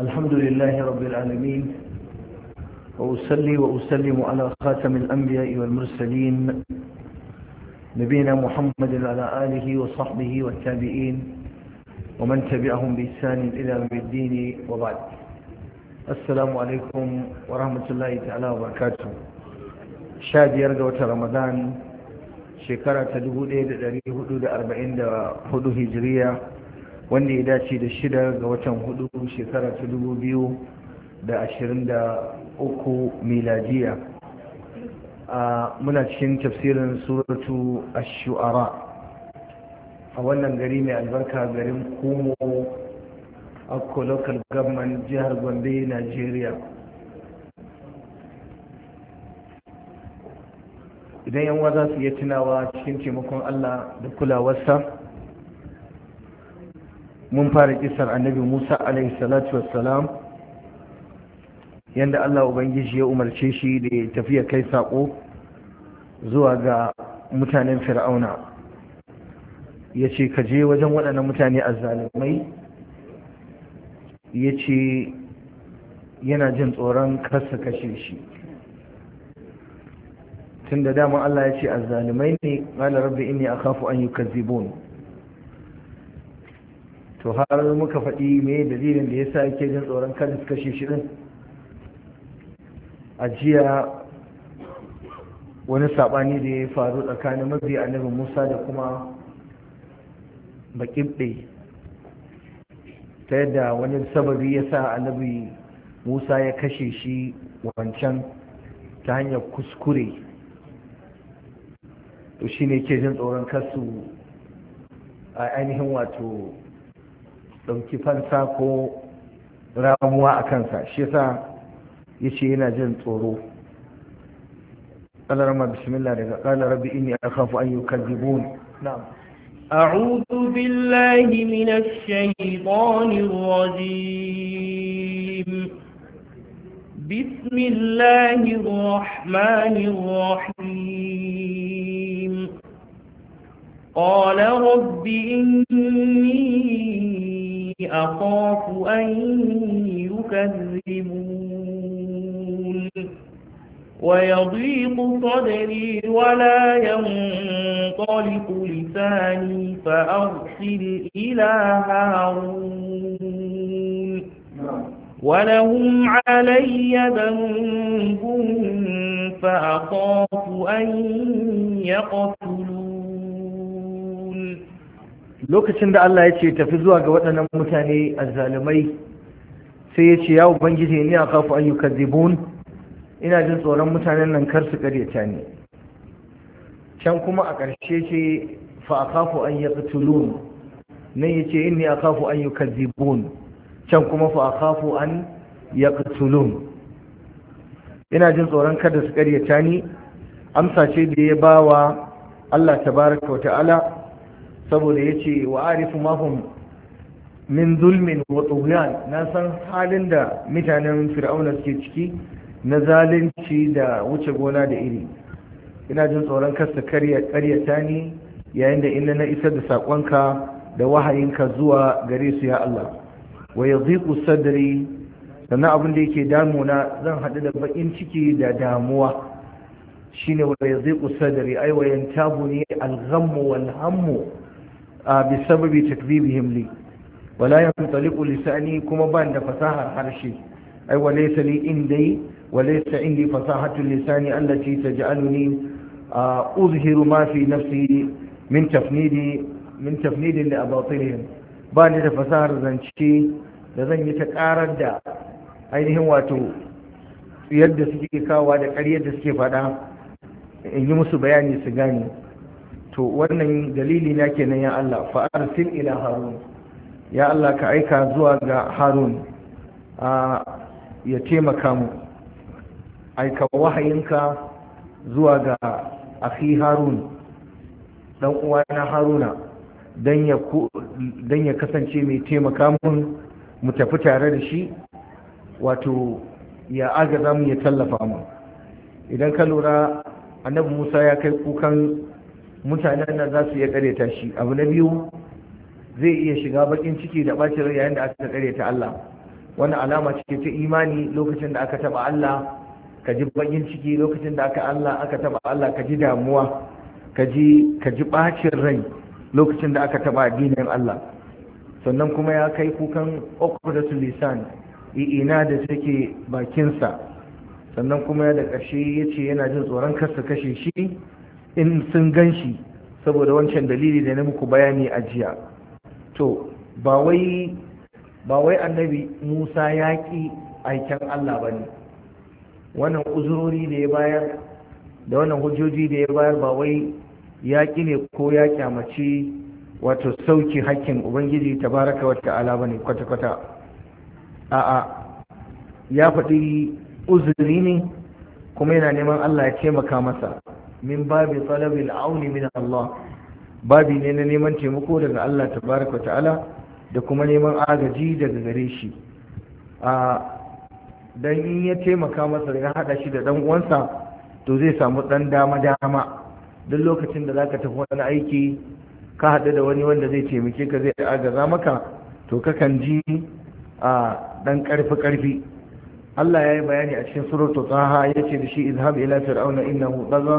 الحمد لله رب العالمين وأسلي وأسلم على خاتم الأنبياء والمرسلين نبينا محمد وعلى آله وصحبه والتابعين ومن تبعهم بإحسان إلى يوم الدين وبعد السلام عليكم ورحمة الله تعالى وبركاته شاد يرجع رمضان شكرا تدبو ليد الأربعين هجرية wanda ya dace da shida ga watan hudu shekara ta dubu biyu da ashirin da uku miladiya muna cikin tafsirin suratu ashuara shuara a wannan gari mai albarka garin kumo a local government jihar gombe nigeria idan yan za su iya tunawa cikin taimakon allah da kulawarsa mun fara kisar annabi musa alaihi salatu wassalam yadda allah ubangiji ya umarce shi da ya tafiya kai saƙo zuwa ga mutanen fir'auna ya ce ka je wajen waɗannan mutane a zalimai ya ce yana jin tsoron kasa kashe shi Tunda da dama allah ya ce a zalimai ne ƙalar rabbi inni akhafu an yukazzibun to har muka faɗi me dalilin da ya sa yake jin tsoron kada su kashe shi din a jiya wani saɓani da ya faru tsakanin mabiya annabi musa da kuma baƙiɓe ta yadda wani sababi ya sa annabi musa ya kashe shi wancan ta hanyar kuskure to shi ne ke jin tsoron kasu a ainihin wato ɗauki fansa ko ramuwa a kansa shi yasa ya ce yana jin tsoro ƙalar ma bismillah daga ƙalar rabi inni a kafu an yi kaddibun أعوذ بالله من الشيطان الرجيم بسم الله الرحمن الرحيم قال رب إني أخاف أن يكذبون ويضيق صدري ولا ينطلق لساني فأرسل إلى هارون ولهم علي ذنب فأخاف أن يقتلون lokacin da Allah ya ce tafi zuwa ga waɗannan mutane azzalumai sai ya ce ya ubangiji ni akhafu an yukadzibun ina jin tsoron mutanen nan kar su karyata ni can kuma a ƙarshe ce fa akhafu an yaqtulun nan yace inni akhafu an yukadzibun can kuma fa akhafu an yaqtulun ina jin tsoron kada su karyata ni amsa ce da ya bawa Allah tabaraka wa ta'ala saboda ya ce wa arifu mahum min zulmin wa tughyan na san halin da mutanen fir'auna suke ciki na zalunci da wuce gona da iri ina jin tsoron kasta karyata ne yayin da ina na isar da saƙonka da wahayinka zuwa gare su ya Allah wa yadhiqu sadri sannan abin da yake damuna zan haɗu da baƙin ciki da damuwa shine wa yadhiqu sadari ay wa yantabuni ne alhammu wal-hammu bisababi takdhibihim li wala yantaliqu lisani kuma ban da fasahar harshe ai walaysa li indi walaysa indi fasahatu lisani allati taj'aluni uzhiru ma fi nafsi min tafnidi min tafnidi li abatilihim ba ni da fasahar zance da zan yi ta karar da ainihin wato yadda suke kawa da ƙaryar da suke faɗa in yi musu bayani su gane to wannan dalili na kenan ya Allah fa arsil ila harun ya Allah ka aika zuwa ga harun a ya taimaka mu aika wahayinka zuwa ga akhi harun dan uwana haruna dan ya ya kasance mai taimaka mun mu tafi tare da shi wato ya agaza mu ya tallafa mu idan ka lura annabi Musa ya kai kukan mutanen nan za su iya kareta shi abu na biyu zai iya shiga bakin ciki da bacin rai yayin da aka kareta Allah wannan alama ce ta imani lokacin da aka taba Allah ka ji bakin ciki lokacin da aka Allah aka taba Allah ka ji damuwa ka ji ka ji bacin rai lokacin da aka taba addinin Allah sannan kuma ya kai kukan uqdatul lisan i'ina da take bakin sa sannan kuma da ƙarshe yace yana jin tsoron kasa kashe shi in sun gan shi saboda wancan dalili da na muku bayani a jiya to ba wai annabi musa ya ƙi aiken allah ba ne wannan uzurori da ya bayar da wannan hujjoji da ya bayar ba wai ya ƙi ne ko ya kyamaci wato sauki hakkin ubangiji ta baraka wata ba ne kwata-kwata a'a ya faɗi uzuri ne kuma yana neman allah ya taimaka masa min babi talabil auni min Allah babi ne na neman taimako daga Allah tabaraka ta'ala da kuma neman agaji daga gare shi a dan in ya taimaka masa ya hada shi da dan uwansa to zai samu dan dama dama duk lokacin da zaka tafi wani aiki ka hadu da wani wanda zai taimake ka zai agaza maka to ka kan ji a dan karfi karfi Allah ya yi bayani a cikin suratul Taha yace da shi izhab ila fir'auna innahu dhaga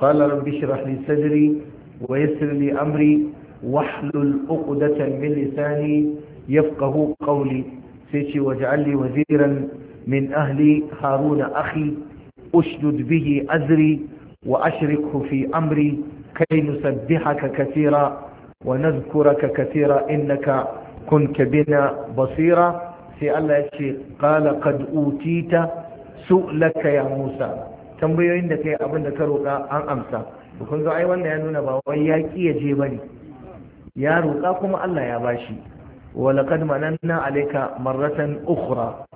قال رب اشرح لي صدري ويسر لي أمري واحلل عقدة من لساني يفقه قولي سيتي واجعل لي وزيرا من أهلي هارون أخي أشدد به أزري وأشركه في أمري كي نسبحك كثيرا ونذكرك كثيرا إنك كنت بنا بصيرا في الله قال قد أوتيت سؤلك يا موسى tambayoyin da kai abin da ka roƙa an amsa kun zo ai wannan ya nuna ba wai ya ki ya je bane ya roƙa kuma Allah ya bashi wa laqad mananna alayka marratan ukhra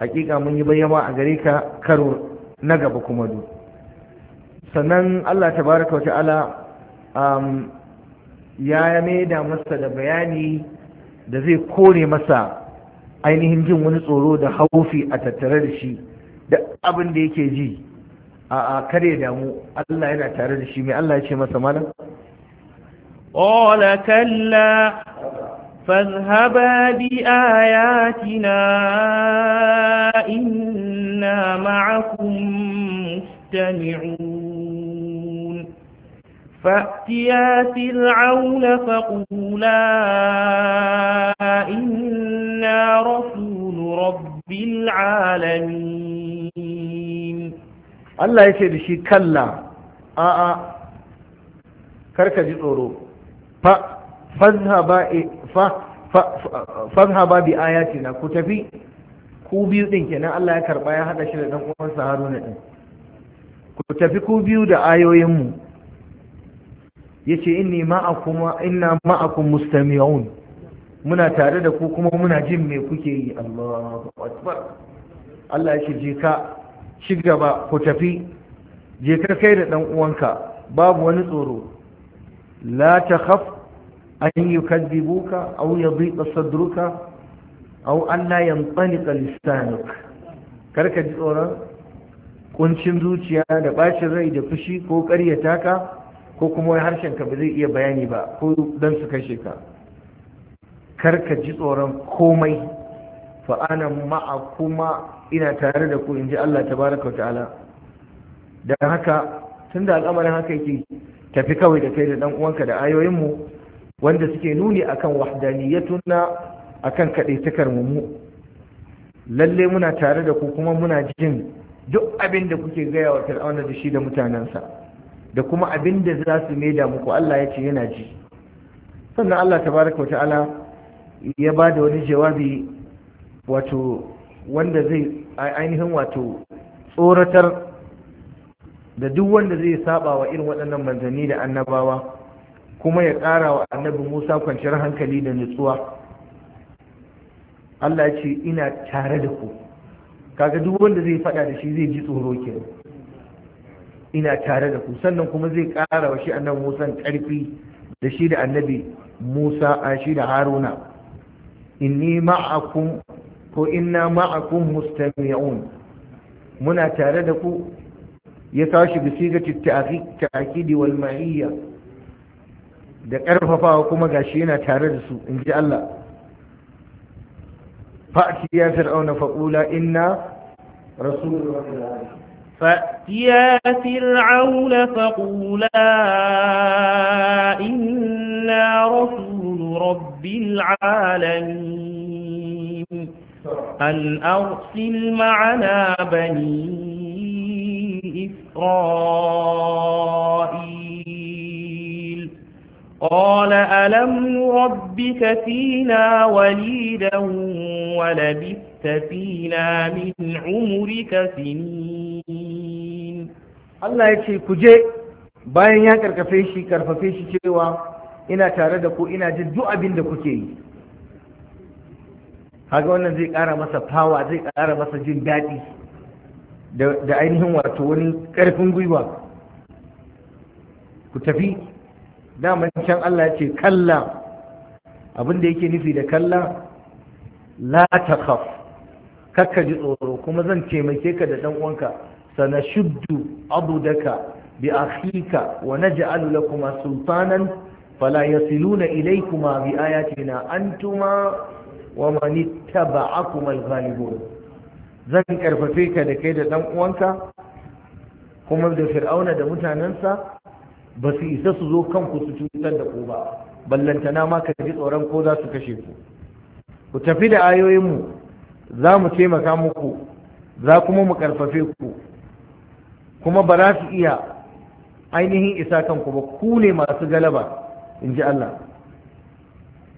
hakika mun yi bayyana a gare ka karo na gaba kuma du sannan Allah tabaraka wa ta'ala um, ya da masa da bayani da zai kore masa ainihin jin wani tsoro da haufi a tattare da shi da abin da yake ji a kare damu Allah yana tare da shi mai Allah ya ce masa malam فاذهبا بآياتنا إنا معكم مستمعون فأتيا فرعون فقولا إنا رسول رب العالمين Allah ya ce da shi kalla a'a karka ji tsoro fazhaba e, bi na, ku tafi ku biyu din kenan Allah ya karba ya hada shi da dan uwansa Haruna din ku tafi ku biyu da ayoyinmu yace inni ma'akum inna ma'akum mustami'un muna tare da ku kuma muna jin me kuke yi Allahu akbar Allah ya ce je ka shi gaba ku tafi je ka kai da ɗan uwanka babu wani tsoro la ta khaf an yi kaddibuka au ya sadruka au an la yantsaniƙa Kar karka ji tsoron kuncin zuciya da bashin rai da fushi ko ƙaryata ka ko kuma harshen ka ba zai iya bayani ba ko dan su kashe ka karka ji tsoron komai fa ma'a kuma ina tare da ku in ji Allah baraka wa ta'ala don haka tun da al'amarin haka yake tafi kawai da kai da dan uwanka da ayoyinmu wanda suke nuni akan wahdaniyatuna akan kadaitakar mu mu lalle muna tare da ku kuma muna jin duk abin da kuke gaya wa fir'auna da shi da mutanensa da kuma abin da za su maida muku Allah ya ce yana ji sannan Allah tabaraka wa ta'ala ya ba da wani jawabi wato wanda zai ainihin wato tsoratar da duk wanda zai saba wa irin waɗannan manzanni da annabawa kuma ya ƙara wa annabi musa kwanciyar hankali da nutsuwa allah ce ina tare da ku kaga duk wanda zai faɗa da shi zai ji tsoro ke ina tare da ku sannan kuma zai ƙara wa shi annabi musa ƙarfi da shi da annabi musa a shi da haruna inni ma'akum ko inna ma'akum mustami'un muna tare da ku ya tashi bi sigati ta'kidi wal ma'iyya da ƙarfafawa kuma gashi yana tare da su in ji Allah fa'ti ya fir'auna faqula inna rasulur rabbil فأتيا فرعون فقولا إنا رسول رب العالمين أن أرسل معنا بني إسرائيل قال ألم نربك فينا وليدا ولبثت فينا من عمرك سنين الله يكفي كجي bayan ya karkafe shi karfafe shi cewa ina tare da ku ina jin duk abin da kuke yi haka wannan zai ƙara masa fawa zai kara masa jin daɗi da ainihin wato wani ƙarfin gwiwa ku tafi daman can Allah ya ce kalla abinda yake nufi da kalla la ta khaf kakka ji tsoro kuma zan taimake ka da ɗan uwanka sana shuddu daka bi akhika wa naj'alu lakuma sultanan fala yasiluna ilaykuma bi ayatina antuma wa mani taba'akum al-ghalibun zan karfafe ka da kai da dan uwanka kuma da fir'auna da mutanensa ba su isa su zo kanku su cutar da ku ba ballantana ma ka ji tsoron ko za su kashe ku ku tafi da ayoyinmu za mu taimaka muku za kuma mu karfafe ku kuma ba za su iya ainihin isa kanku ba ku ne masu galaba in ji Allah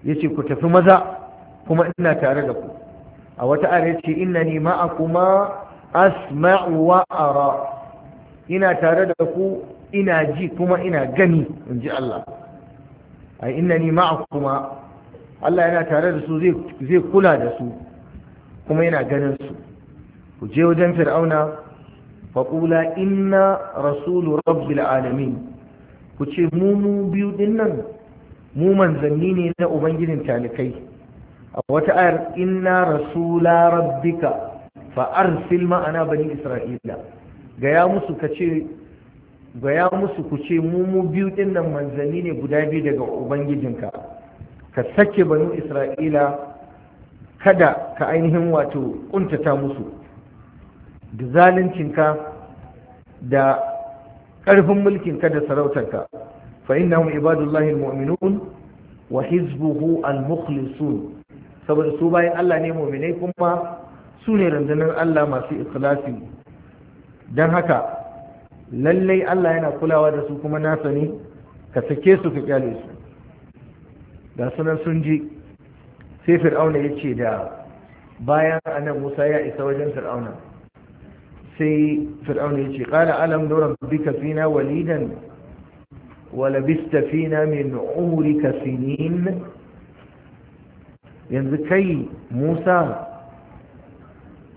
ya ce ku tafi maza kuma ina tare da ku a wata ayar ce a kuma asma'u wa ara ina tare da ku ina ji kuma ina gani in ji Allah A ina ai a kuma Allah yana tare da su zai kula da su kuma yana ganin su ku je wajen fir'auna faƙula inna rasulu rabbil alamin ku ce mu mu biyu nan, mu manzanni ne na ubangijin talikai a wata ayar inna rasula rabbika fa arsil ma'ana bani isra'ila gaya musu kace gaya musu ku ce mu mu biyu din nan manzanni ne guda biyu daga ubangijinka ka sake banu isra'ila kada ka ainihin wato kuntata musu da zaluncinka da ƙarfin mulkinka da sarautarka fa innahum ibadullahi almu'minun wa hizbuhu almukhlisun saboda su bayan Allah ne muminai kuma su ne rundunar Allah masu ikhlasi don haka lallai Allah yana kulawa da su kuma nasa ne ka sake su ka kyale su da sunan sun ji sai fir'auna ya ce da bayan anan musa ya isa wajen fir'auna sai fir'auna ya ce ƙala alam doron bika fina walidan wala bista fina min umurika sinin yanzu kai musa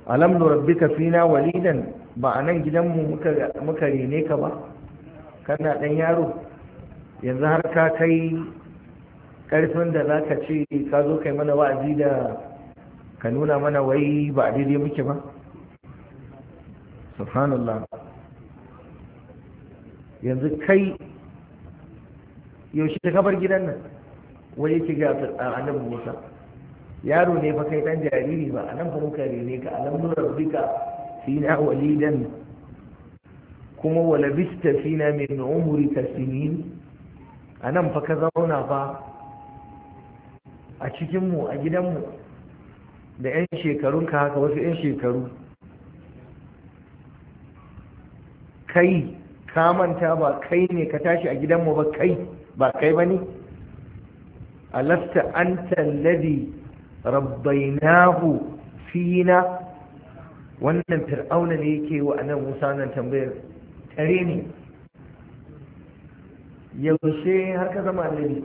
alam fi fina walidan ba a nan gidanmu muka rene ka ba kana ɗan yaro yanzu har ka kai karfin da za ka ce ka zo kai mana wa'azi da ka nuna mana wai ba a daidai muke ba subhanallah yanzu kai yaushe ta kabar gidan nan wai yake ga annabi musa yaro ne fa kai dan jariri ba a nan fa muka rene ka alam nura bika fina walidan kuma wala bista fina min umri tasmin a fa ka zauna fa a cikinmu a gidanmu da 'yan shekarun ka haka wasu 'yan shekaru kai ka manta ba kai ne ka tashi a gidanmu ba kai ba kai ba alasta anta alladhi rabbainahu fina wannan fir'auna ne yake wa anan musa nan tambayar tare ne yaushe har ka zama annabi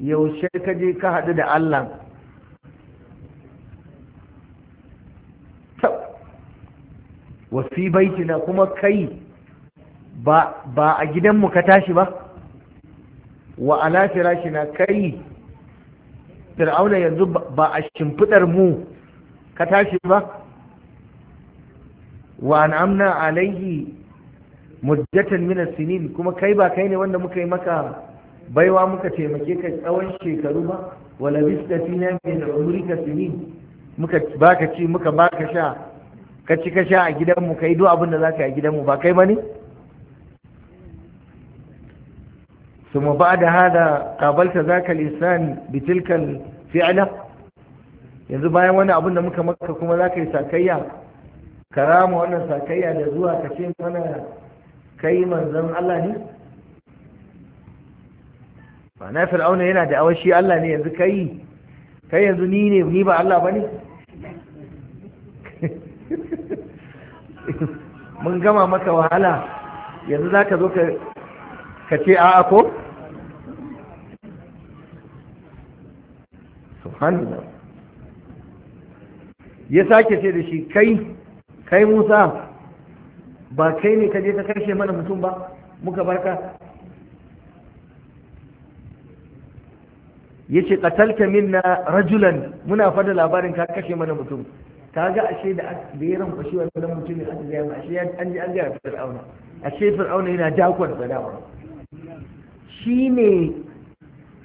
yaushe ka je ka haɗu da allah wafi baitina kuma kai ba a gidanmu ka tashi ba wa ala firashina kai fir'auna yanzu ba a shimfidar mu ka tashi ba wa amna alaihi mujjatan min sinin kuma kai ba kai ne wanda muka yi maka baiwa muka taimake ka tsawon shekaru ba wala bista fina min umrika sinin muka baka ci muka baka sha ka ci ka sha a gidanmu kai duk abin da zaka yi a gidanmu ba kai ba ne ثم بعد هذا قابلت ذاك الإنسان بتلك الفعلة yanzu bayan wani abin da muka maka kuma za ka yi sakayya ka rama wannan sakayya da zuwa ka ce mana kai manzon Allah ne ba na yana da awashi Allah ne yanzu kai kai yanzu ni ne ni ba Allah ba ne mun gama maka wahala yanzu za ka zo ka ka ce a'a ko subhanallah ya sake ce da shi kai kai musa ba kai ne ka je ka karshe mana mutum ba muka barka ya ce ƙatalta minna rajulan muna fada labarin ka kashe mana mutum ka ga ashe da ya ranfa shi wannan mutum ne aka gaya ashe an ji an gaya fir'auna ashe fir'auna yana jakon sadawa Shi ne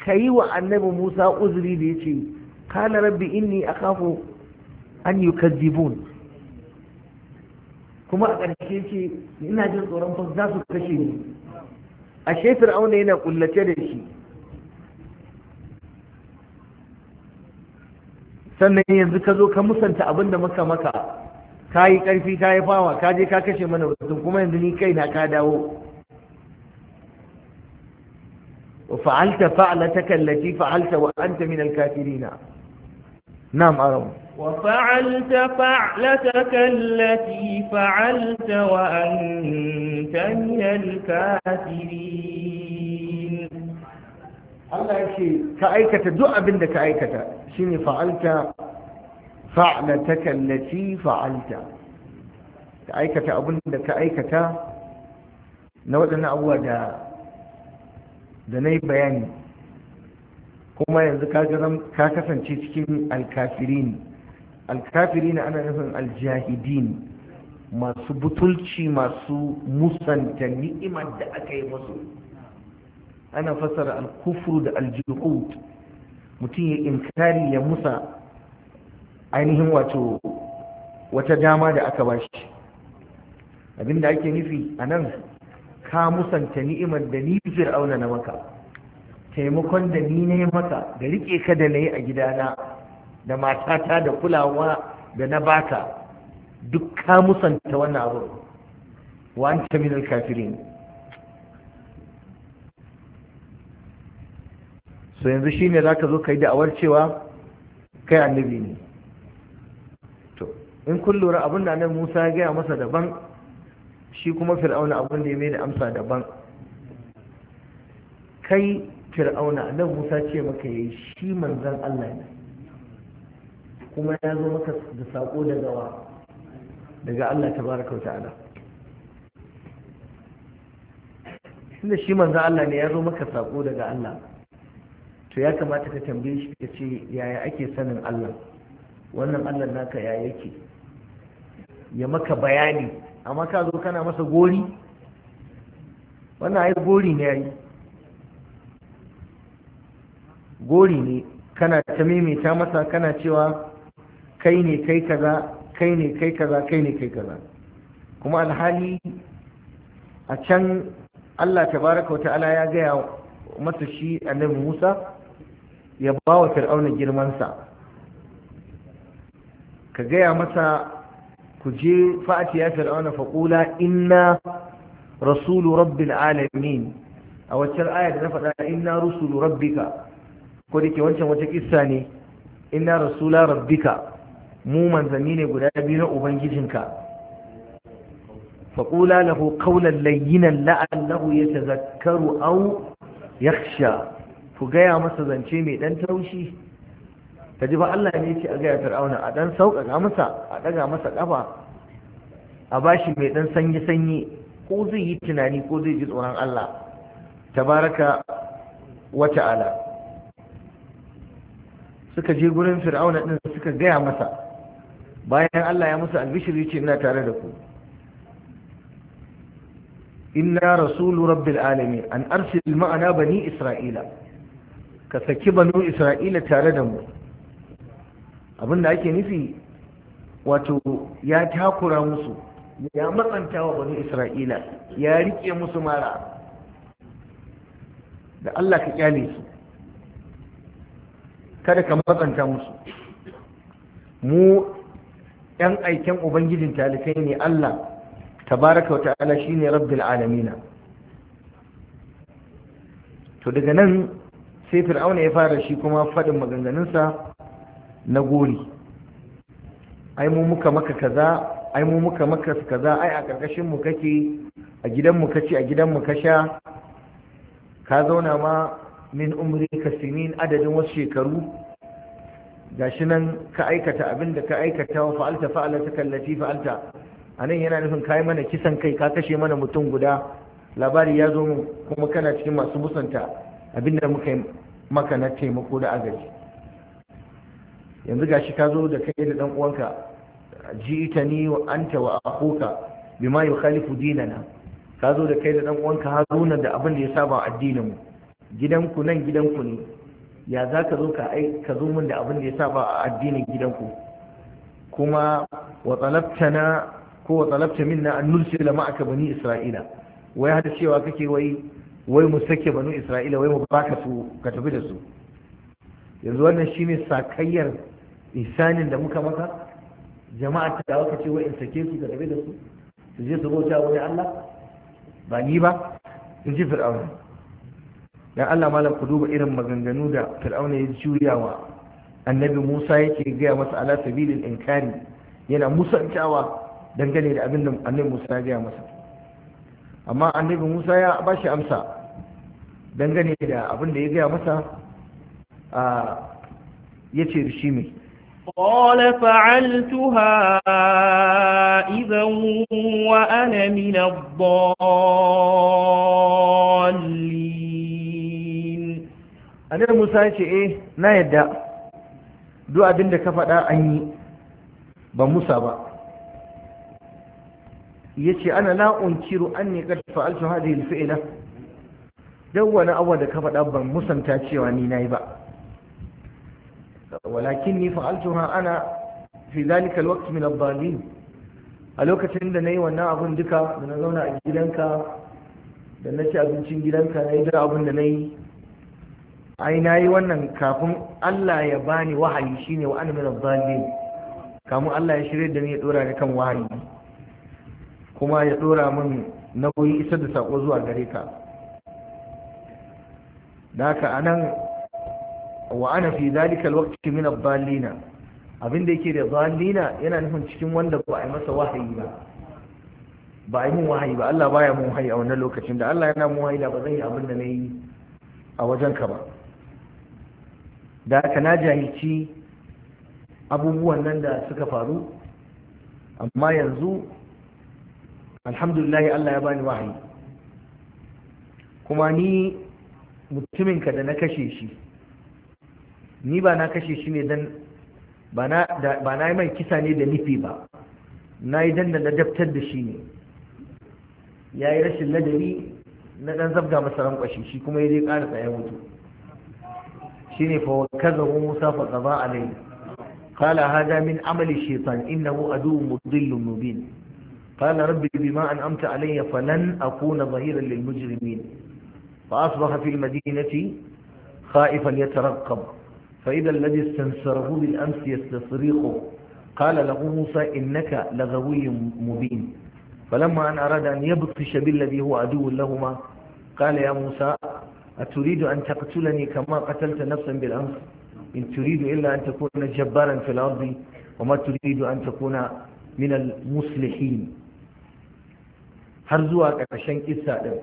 ka yi wa annabi Musa uzuri da ya yace kana rabbi inni kafo an yukazzibun kuma a ƙarshe ce ina jin tsoron fa za su kashe ni A ashe auna yana kullace da shi sannan yanzu ka zo ka musanta abin da maka maka ka yi ƙarfi ka yi fawa ka je ka kashe mana mutum kuma yanzu ni kaina ka dawo وفعلت فعلتك التي فعلت وأنت من الكافرين نعم أرون وفعلت فعلتك التي فعلت وأنت من الكافرين الله يشي كأيكة دعا بندك أيكة شيني فعلت فعلتك التي فعلت كأيكة أبندك أيكة نودنا أولا da na yi bayani kuma yanzu ka kasance cikin alkafirin alkafirin ana nufin aljahidin masu butulci masu musanta ni'imar da aka yi musu ana fasara alkufru da aljuhud mutum ya inkari ya musa ainihin wato wata dama da aka bashi abinda ake nufi a nan ka musanta ni'imar da ni auna na maka taimakon da ni ne maka da rike ka da na yi a gidana da matata da kulawa da na baka duk ka musanta wannan abu wani taminar kafirin so yanzu shi ne za ka zo ka yi da'awar cewa kai annabi ne to in kun lura abin da nan Musa ya gaya masa daban shi kuma fir'auna abin da ya mai da amsa daban kai fir'auna nan musa ce maka yi shi manzan allah ne kuma ya zo maka da sako daga wa daga allah ta tabaraka wa ta'ala tunda shi manzan allah ne ya zo maka sako daga allah to ya kamata ka tambaye shi ka ce yaya ake sanin allah wannan allah naka ya yake ya maka bayani amma ka zo kana masa gori wannan ai gori ne ai gori ne kana ta maimaita masa kana cewa kai ne kai kaza kai ne kai kaza kai ne kai kaza kuma alhali a can Allah tabaraka wa ta'ala ya gaya masa shi annabi Musa ya ba wa fir'auna girmansa ka gaya masa ku je fa'ati ya fir'auna faqula inna rasulu rabbil alamin a wacce aya da na faɗa inna rusulu rabbika ko da ke wancan wata kissa ne inna rasula rabbika mu manzanni ne guda biyu na ubangijinka faƙula lahu kaulan layyinan la'allahu ya tazakkaru au yakhsha ku gaya masa zance mai ɗan taushi ka ji ba Allah ne ce a gaya fir'auna a dan sauƙaƙa masa a ɗaga masa ƙafa a bashi mai ɗan sanyi-sanyi ko zai yi tunani ko zai ji tsoron Allah tabaraka wa ta'ala suka je gurin fir'auna ɗin suka gaya masa bayan Allah ya musu albishiri ce ina tare da ku inna rasulu rabbil alamin an arsil ma'ana bani isra'ila ka saki banu isra'ila tare da mu abin da ake nufi wato ya takura musu ya matsanta wa bani isra'ila ya rike musu mara da allah ka kyale su kada ka matsanta musu mu yan aiken ubangijin talifai ne allah tabaraka wa ta'ala shine rabbil alamina to daga nan sai fir'auna ya fara shi kuma faɗin maganganunsa na gori ai mu muka maka kaza ai mu muka maka kaza ai a ƙarƙashin mu kake a gidan mu kace a gidan mu ka sha ka zauna ma min umri ka sinin adadin wasu shekaru gashi nan ka aikata abin da ka aikata wa fa'alta fa'alata kallati fa'alta anan yana nufin kai mana kisan kai ka kashe mana mutum guda labari ya zo mu kuma kana cikin masu musanta abin da muka yi maka na taimako da agaji yanzu gashi ka zo da kai da dan uwanka ni wa anta wa akhuka bima yukhalifu dinana ka zo da kai da dan uwanka Haruna da abin da ya saba addinin mu gidanku nan gidanku ne ya za ka zo ka zo min da abin da ya saba a addinin gidanku kuma wa talabtana ko wa talabta minna an nursila ma'aka bani isra'ila wai hada cewa kake wai wai mu sake banu isra'ila wai mu baka su ka tafi da su yanzu wannan shine sakayyar isanin da muka maka jama'a ta aka ce wa'in sake su da da su su je su bauta wani Allah ba ni ba in ji fir'auna ya Allah malam ku duba irin maganganu da fir'auna ya juyawa annabi Musa yake gaya masa ala sabilil inkari yana musantawa dangane da abin da annabi Musa ya gaya masa amma annabi Musa ya ba shi amsa dangane da abin da ya gaya masa ya ce da shi mai قال فعلتها إذا وأنا من الضالين أنا موسى إيه نا يدع دو أبن لك فدا أني بموسى با yace ana la unkiru anni qad fa'altu hadhihi al-fi'la dawwana awwa da ka faɗa ban musanta cewa ni na yi ba walakinni fa'altuha ana fi zalika alwaqt min ad a lokacin da nayi wannan abun duka da na zauna a gidanka da na ci abincin gidanka na yi duk abin da yi. ai yi wannan kafin Allah ya bani wahayi shine wa ana min kamun Allah ya shirya da ni ya dora ni kan wahayi kuma ya dora min koyi isar da sako zuwa gare ka da haka anan wa ana fi zalika alwaqti min ad-dallina yake da dallina yana nufin cikin wanda ba a masa wahayi ba ba a mun wahayi ba Allah baya mun wahayi a wannan lokacin da Allah yana mun wahayi da ba zan yi abin da yi a wajen ka ba da haka na jahilci abubuwan nan da suka faru amma yanzu alhamdulillah Allah ya bani wahayi kuma ni mutumin ka da na kashe shi ni ba na kashe shi ne dan ba na yi mai kisa ne da nufi ba na yi dan da ladabtar da shi ne ya yi rashin ladabi na dan zabga masa rankwashi shi kuma ya je ƙara tsaye mutu shi ne fa kaza musa fa a alai Kala hada min amali shaytan innahu aduwwun mudillun mubin قال ربي بما أنعمت علي فلن أكون ظهيرا للمجرمين فأصبح في madinati خائفا يترقب فإذا الذي استنصره بالأمس يستصريقه قال له موسى إنك لغوي مبين فلما أن أراد أن يبطش بالذي هو عدو لهما قال يا موسى أتريد أن تقتلني كما قتلت نفسا بالأمس إن تريد إلا أن تكون جبارا في الأرض وما تريد أن تكون من المصلحين har zuwa ƙarshen kissa ɗin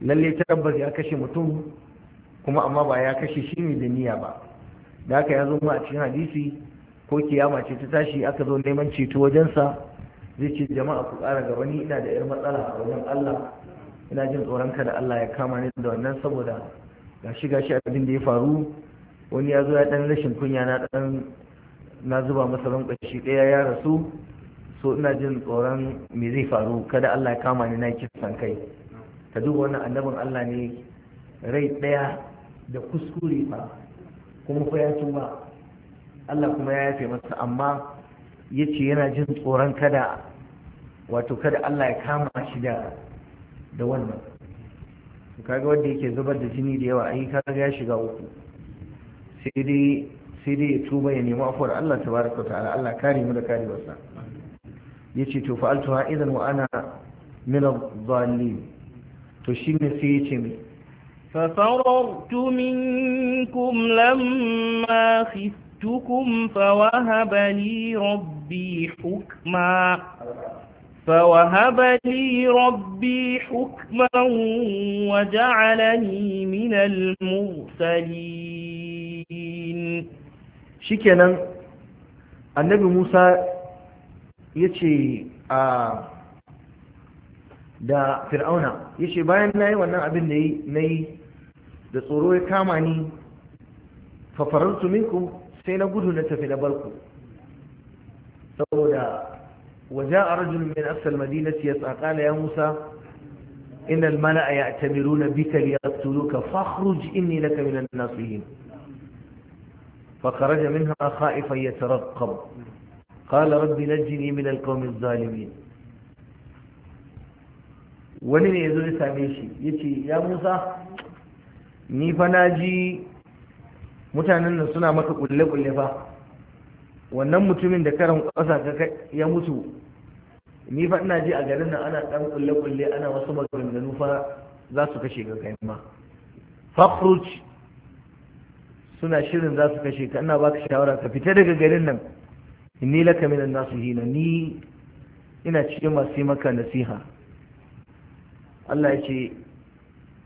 lalle tabbas ya kashe mutum kuma amma ba ya kashe shi ne da niyya ba da aka ya zo ma a cikin hadisi ko kiyama ce ta tashi aka zo neman ceto wajensa zai ce jama'a ku ƙara gaba ni ina da 'yar matsala a wajen Allah ina jin tsoron da Allah ya kama ni da wannan saboda gashi gashi abin da ya faru wani ya zo ya dan rashin kunya na dan na zuba masa ran rankwashi daya ya rasu so ina jin tsoron me zai faru kada Allah ya kama ni na kisan kai ka duba wannan annabin Allah ne rai daya da kuskure fa kuma ko ya tuba Allah kuma ya yafe masa amma yace yana jin tsoron kada wato kada Allah ya kama shi da da wannan kaga wanda yake zubar da jini da yawa ai kaga ya shiga uku sai dai sai dai ya tuba ya nemi afuwar Allah tabaraka ta'ala Allah kare mu da kare wasa yace to fa'altuha idan wa ana min adh-dhalin to shine sai yace mai ففررت منكم لما خفتكم فوهب لي ربي حكما فوهب لي ربي حكما وجعلني من المرسلين شكرا النبي موسى يتشي آه da fir'auna ya ce bayan na wannan abin da da tsoro ya kama ni fafarantu minkum sai na gudu na tafi na barku saboda waje a rajulun min asal madinati ya tsakala ya musa inda almala a ya'tamiru na bikar ya tulu ka fahruj inni laka min nasihin فخرج منها خائفا يترقب قال رب نجني من القوم الظالمين ولن يزول ya zo يا موسى ni fa na ji mutanen nan suna maka kulle-kulle fa wannan mutumin da karan kwasa ya mutu ni fa ina ji a garin nan ana dan kulle-kulle ana wasu maganganu fa za su kashe ka kai ma suna shirin za su kashe ka ina ka shawara ka fita daga garin nan inni laka minan nasu hina ni ina cikin masu yi maka nasiha Allah ya ce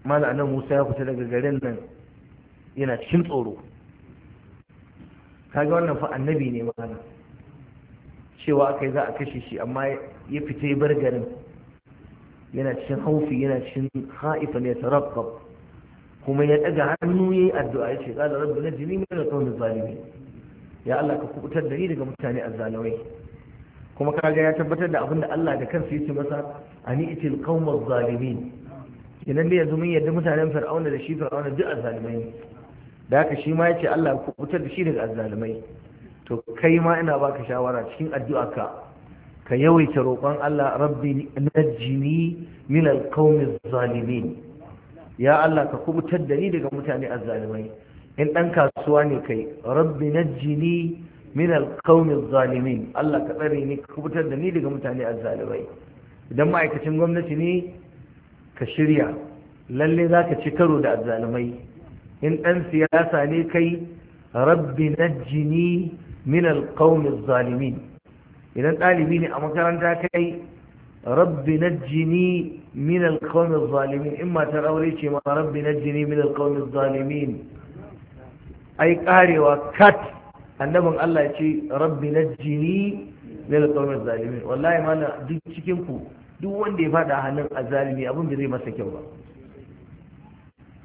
mala nan musa ya fita daga garin nan yana cikin tsoro kaga wannan fa annabi ne mana cewa aka yi za a kashe shi amma ya fita ya bar garin yana cikin haufi yana cikin ne ta tarakkab kuma ya daga hannu ya yi addu'a ya ce qala rabbi jini min al-qawmi zalimin ya Allah ka kubutar da ni daga mutane azzalawai kuma kaga ya tabbatar da abinda Allah da kansa ya ce masa ani itil qawma zalimin kenan lalle yanzu mun yarda mutanen fir'auna da shi fir'auna duk azzalumai ne da haka shi ma yace Allah ku fitar da shi daga azzalumai to kai ma ina baka shawara cikin addu'a ka Ka yawaita roƙon Allah rabbi najini min alqawmi zalimin ya Allah ka kubutar da ni daga mutane azzalumai in dan kasuwa ne kai rabbi najini min alqawmi zalimin Allah ka tsare ni ka kubutar da ni daga mutane azzalumai idan ma'aikacin gwamnati ne ka shirya lalle za ka ci karo da azzalumai in ɗan siyasa ne kai rabbi jini min alqawmi zalimin idan ɗalibi ne a makaranta kai rabbi jini min alqawmi zalimin in matar aure ce ma rabbi jini min alqawmi zalimin ai karewa kat annabin Allah ya ce rabbi jini min alqawmi zalimin wallahi mana duk cikin ku duk wanda ya fada hannun azalimi abin da zai masa kyau ba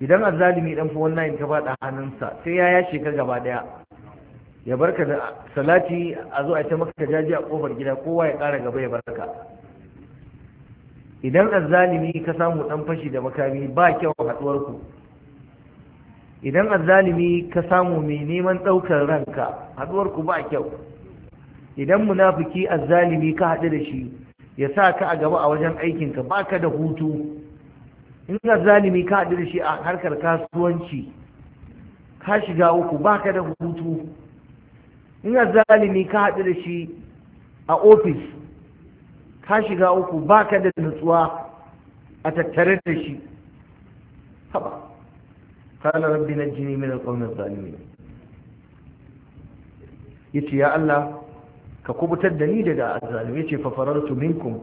idan azalimi dan fa wannan ka fada hannunsa sai ya yashe ka gaba daya ya barka da salati a zo a ta maka jaji a kofar gida kowa ya kara gaba ya barka idan azalimi ka samu dan fashi da makami ba kyau haduwar ku idan azzalimi ka samu mai neman ɗaukar ranka haɗuwarku ba kyau idan munafiki azzalimi ka haɗu da shi ya sa ka a gaba a wajen aikinka ba ka da hutu in ka zalimi ka haɗu da shi a harkar kasuwanci ka shiga uku ba ka da hutu in ka zalimi ka haɗu da shi a ofis ka shiga uku ba ka da nutsuwa a tattare da shi haba kala rabbi na jini da ƙaunar zalimi ya ce ya Allah ka kubutar da ni daga azzalim ce fa su minkum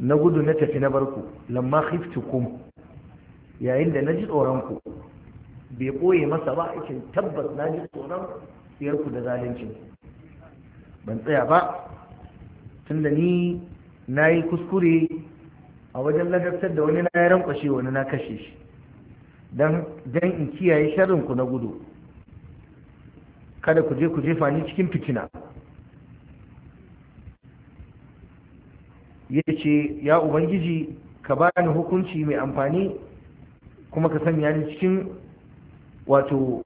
na gudu na tafi na barku lamma khiftukum yayin da na tsoron ku bai ɓoye masa ba yace tabbas na ji tsoron siyar da zalunci ban tsaya ba tunda ni na yi kuskure a wajen ladabtar da wani na ya rankwashe wani na kashe shi dan in kiyaye sharrin ku na gudu kada ku je ku jefa ni cikin fitina ya ce ya ubangiji ka ba ni hukunci mai amfani kuma ka sanya ni cikin wato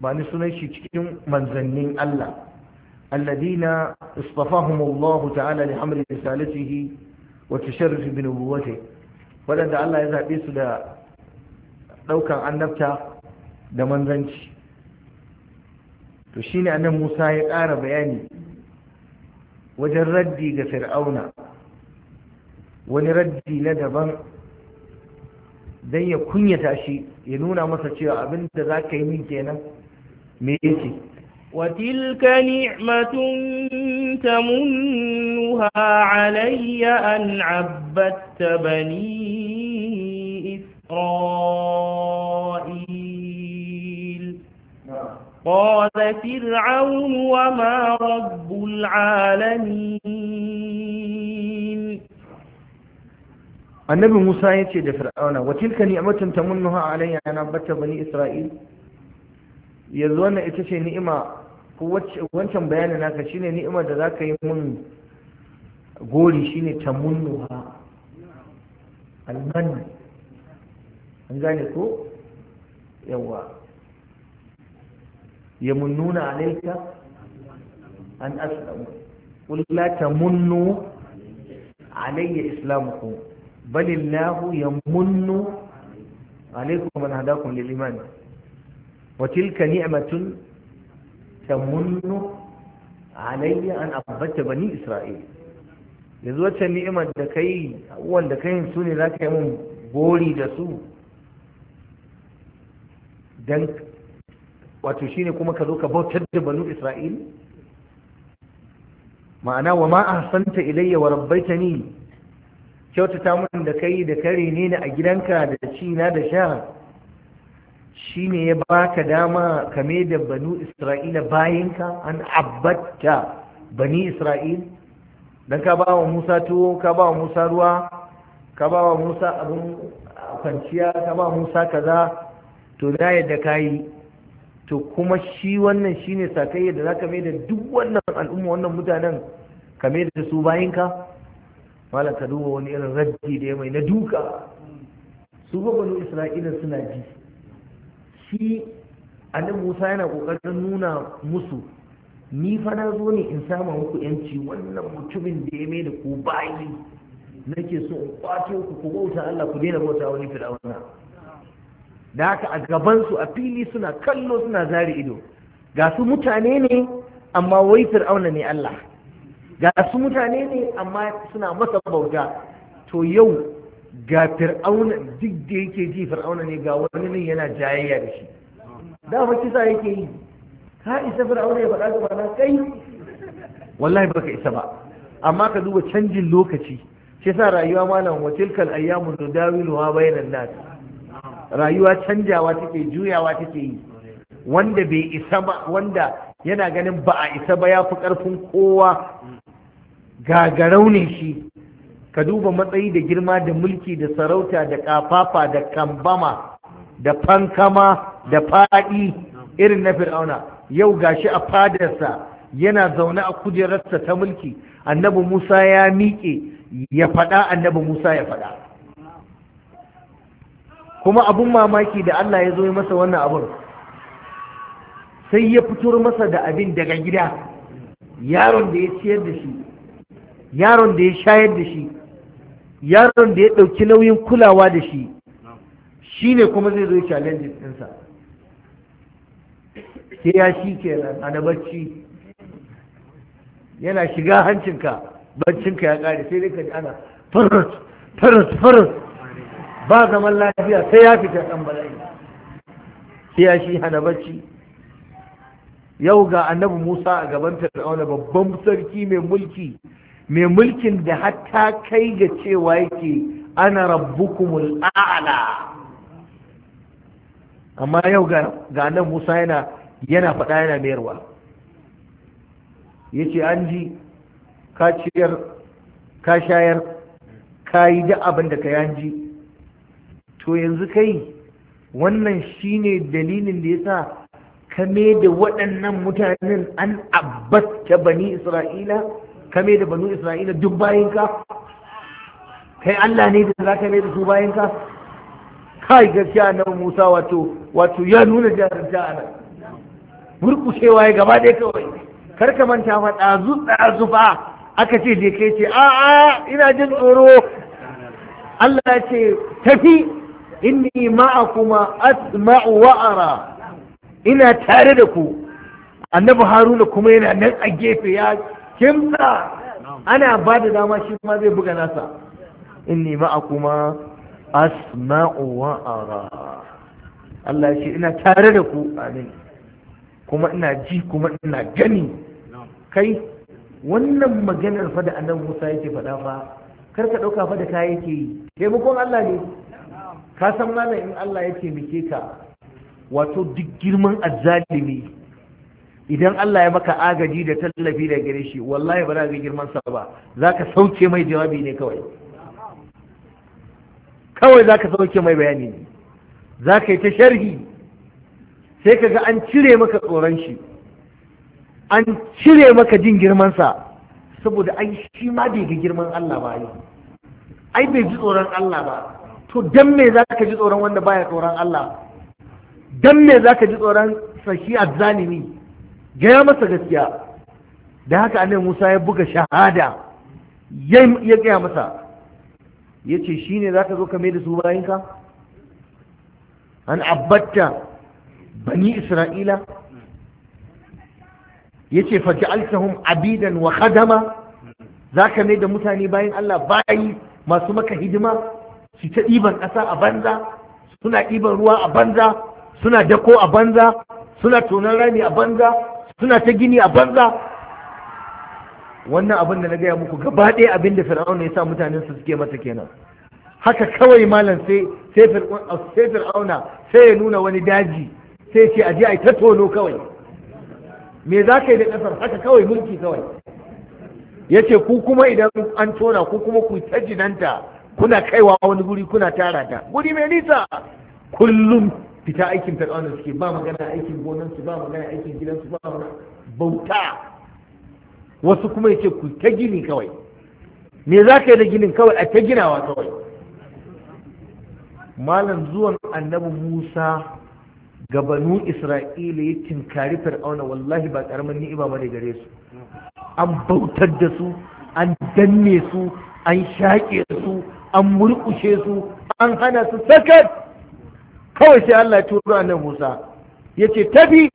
ba ni sunan shi cikin manzannin Allah alladina istafahum Allah ta'ala li amri risalatihi wa tasharruf bi nubuwwatihi wadanda Allah ya zabe su da daukan annabta da manzanci to shine annabi Musa ya ƙara bayani wajen raddi ga Fir'auna wani raddi na daban don ya kunyata shi ya nuna masa cewa abinda da za ka yi min kenan me yake وتلك نعمة تمنها علي أن عبدت بني إسرائيل قال فرعون وما رب العالمين annabi musa ya ce da fir'auna wa tilka ni'matun tamunnuha alayya ana batta bani isra'il yanzu wannan ita ce ni'ima ko wancan bayanin naka shine ni'imar da zaka yi mun gori shine tamunnuha alman an gane ko yawa yamununa alayka an aslamu qul la tamunnu alayya islamukum balillahu yamunnu alaikum wa hadakum lil iman wa tilka ni'matun tamunnu alayya an abbata bani isra'il yanzu wacce ni'imar da kai wanda kai su ne yi mun gori da su dan wato shine kuma ka zo ka bautar da banu isra'il ma'ana wa ma ahsanta ilayya wa rabbaitani kyautata mun da kai da kare ne na a gidanka da ci na da sha shi ne ya ba ka dama kame da banu isra'ila bayanka an abbatta bani isra'il don ka ba wa musa tuwo ka ba wa musa ruwa ka ba wa musa abin kwanciya ka ba musa kaza to na yadda ka yi to kuma shi wannan shi ne sakayya da za ka mai da duk wannan al'umma wannan mutanen ka mai da su bayanka malam ka duba wani irin raddi da ya mai na duka su ga isra'ila suna ji shi annabi musa yana kokarin nuna musu ni fa na zo ne in sama muku yanci wannan mutumin da ya mai da ku bayi nake so in kwato ku ku bauta Allah ku daina bauta wani fir'auna da haka a gaban su a fili suna kallo suna zari ido ga su mutane ne amma wai fir'auna ne Allah ga su mutane ne amma suna masa bauta to yau ga fir'auna duk da yake ji fir'auna ne ga wani ne yana jayayya da shi dama kisa yake yi ka isa fir'auna ya faɗa gaba na kai wallahi baka isa ba amma ka duba canjin lokaci shi sa rayuwa malam wa tilkal ayyamu nudawiluha bainan nas rayuwa canjawa take juyawa take yi wanda bai isa ba wanda yana ganin ba a isa ba ya fi ƙarfin kowa gagarau ne shi ka duba matsayi da girma da mulki da sarauta da kafafa da kambama da fankama da faɗi irin na fir'auna yau ga shi a fadarsa yana zaune a kujerarsa ta mulki annabi musa ya miƙe ya faɗa annabi musa ya faɗa kuma abun mamaki da allah ya zo masa wannan abun sai ya fito masa da abin daga gida yaron da ya ciyar da shi yaron da ya shayar da shi yaron da ya ɗauki nauyin kulawa da shi shi ne kuma zai zo challenge ɗinsa sai ya shi ke a na bacci yana shiga hancinka baccinka ya ƙare sai dai ka ji ana farus farus farus ba zaman lafiya sai ya fita kan bala'i sai ya shi hana bacci yau ga annabi musa a gaban fir'auna babban sarki mai mulki mai mulkin da hatta kai ga cewa yake ana rabbukumul a'la amma yau ga nan musa yana yana faɗa yana mayarwa ya ce an ji ka ka yi da abin da ka yanji to yanzu kai wannan shine dalilin da ya sa kame da waɗannan mutanen an ta bani isra'ila kame da banu isra'ila duk bayanka? kai Allah ne da za ka mai da su bayinka kai gaskiya annabi Musa wato wato ya nuna jarumta a nan burkushewa ya gaba kawai kar ka manta fa ɗazu ɗazu fa aka ce je kai ce a'a ina jin tsoro Allah ce tafi inni ma'akuma asma'u wa ina tare da ku annabi Haruna kuma yana nan a gefe ya kimsa ana ba da dama shi ma zai buga nasa inni akuma asma'u wa ara Allah ya ce ina tare da ku amin kuma ina ji kuma ina gani kai wannan maganar fa da annabi Musa yake faɗa fa kar ka ɗauka fa da kai yake yi taimakon Allah ne ka san malam in Allah ya taimake ka wato duk girman azzalimi idan Allah ya maka agaji da tallafi da gare shi wallahi ba za ka girman sa ba za ka sauke mai jawabi ne kawai kawai za ka sauke mai bayani ne za ka yi ta sharhi sai ka ga an cire maka tsoron shi an cire maka jin girman sa saboda ai shi ma bai ga girman Allah ba ne. ai bai ji tsoron Allah ba to dan me za ka ji tsoron wanda baya tsoron Allah dan me za ka ji tsoron sashi azzalimi gaya masa gaskiya da haka annabi Musa ya buga shahada ya gaya masa ya ce shi ne za ka zo ka mai da su bayanka an abbatta bani isra'ila ya ce faja'altahum abidan wa khadama za ka mai da mutane bayan Allah bayi masu maka hidima su ta ɗiban ƙasa a banza suna ɗiban ruwa a banza suna dako a banza suna tonon rami a banza suna ta gini a banza wannan abin da na gaya muku gaba ɗaya abin da fir'auna ya sa mutanen su suke masa kenan haka kawai malam sai sai fir'auna sai ya nuna wani daji sai ce aje ai ta tono kawai me za ka yi da ƙasar haka kawai mulki kawai ya ce ku kuma idan an tona ku kuma ku ta jinanta kuna kaiwa wani guri kuna tara ta guri mai nisa kullum fita aikin fir'auna suke ba magana aikin su ba magana aikin gidan su ba magana bauta wasu kuma yace ku ta gini kawai me za ka yi da ginin kawai a ta ginawa kawai malam zuwan annabi musa gabanu isra'ila ya tinkari fir'auna wallahi ba karamin ni'ima bane gare su an bautar da su an danne su an shaƙe su an murƙushe su an hana su sakat kawai sai Allah ya turo annabi Musa yace tafi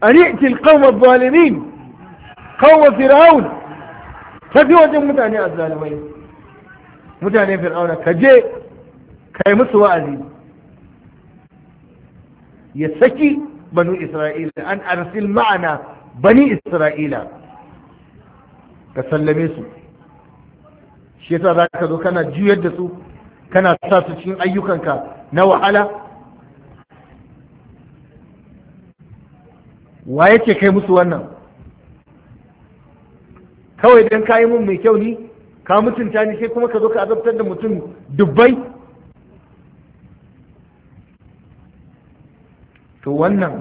a til qawma zalimin qawma fir'aun tafi wajen mutane azzalimai mutane fir'auna ka je kai musu wa'azi ya saki banu isra'ila an arsil ma'ana bani isra'ila ka sallame su shi yasa za ka zo kana juyar da su kana sa su cikin ayyukanka na wahala wa yake kai musu wannan kawai don kayi mun mai kyau ni ka mutunta ni sai kuma ka zo ka azabtar da mutum dubbai to wannan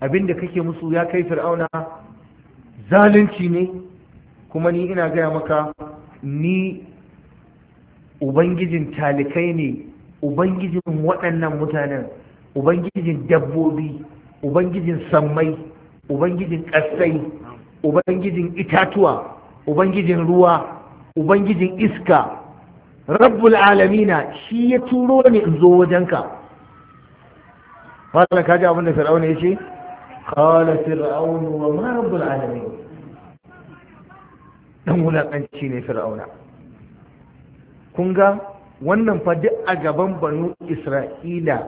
abin da kake musu ya kai fir'auna zalunci ne kuma ni ina gaya maka ni ubangijin talikai ne ubangijin waɗannan mutanen ubangijin dabbobi ubangijin sammai ubangijin ƙasai ubangijin itatuwa ubangijin ruwa ubangijin iska rabbul alamina shi ya turo ni in zo wajenka wannan ka abin da fir'aun ya ce Kala fir'aun wa ma rabbul alamin dan wulaƙanci ne fir'auna kun ga wannan fa duk a gaban banu isra'ila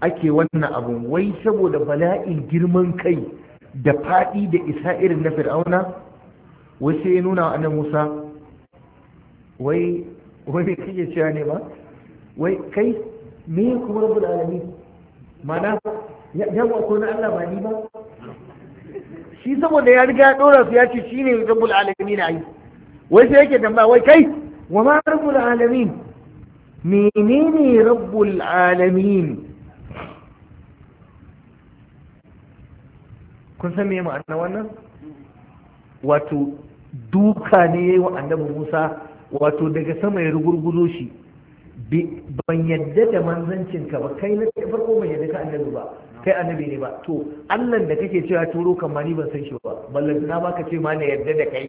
ake wannan abun wai saboda bala'in girman kai da faɗi da isa irin na fir'auna wai sai ya nuna wa musa wai wani kake cewa ne ba, wai kai me kuma rabbul alamin mana ya ba ko na Allah ba ni ba shi saboda ya riga dora su ya ce shine rabbul alamin ai wai sai yake tambaya wai kai wa ma rabbul alamin menene rabbul alamin kun san me ma'ana wannan wato duka ne yayi wa annabi Musa wato daga sama ya rugurguzo shi ban yadda da manzancinka ba kai na farko ban yadda ka annabi ba kai annabi ne ba to Allah da kake cewa turo kan ma ban san shi ba ballan na baka ce ma na yadda da kai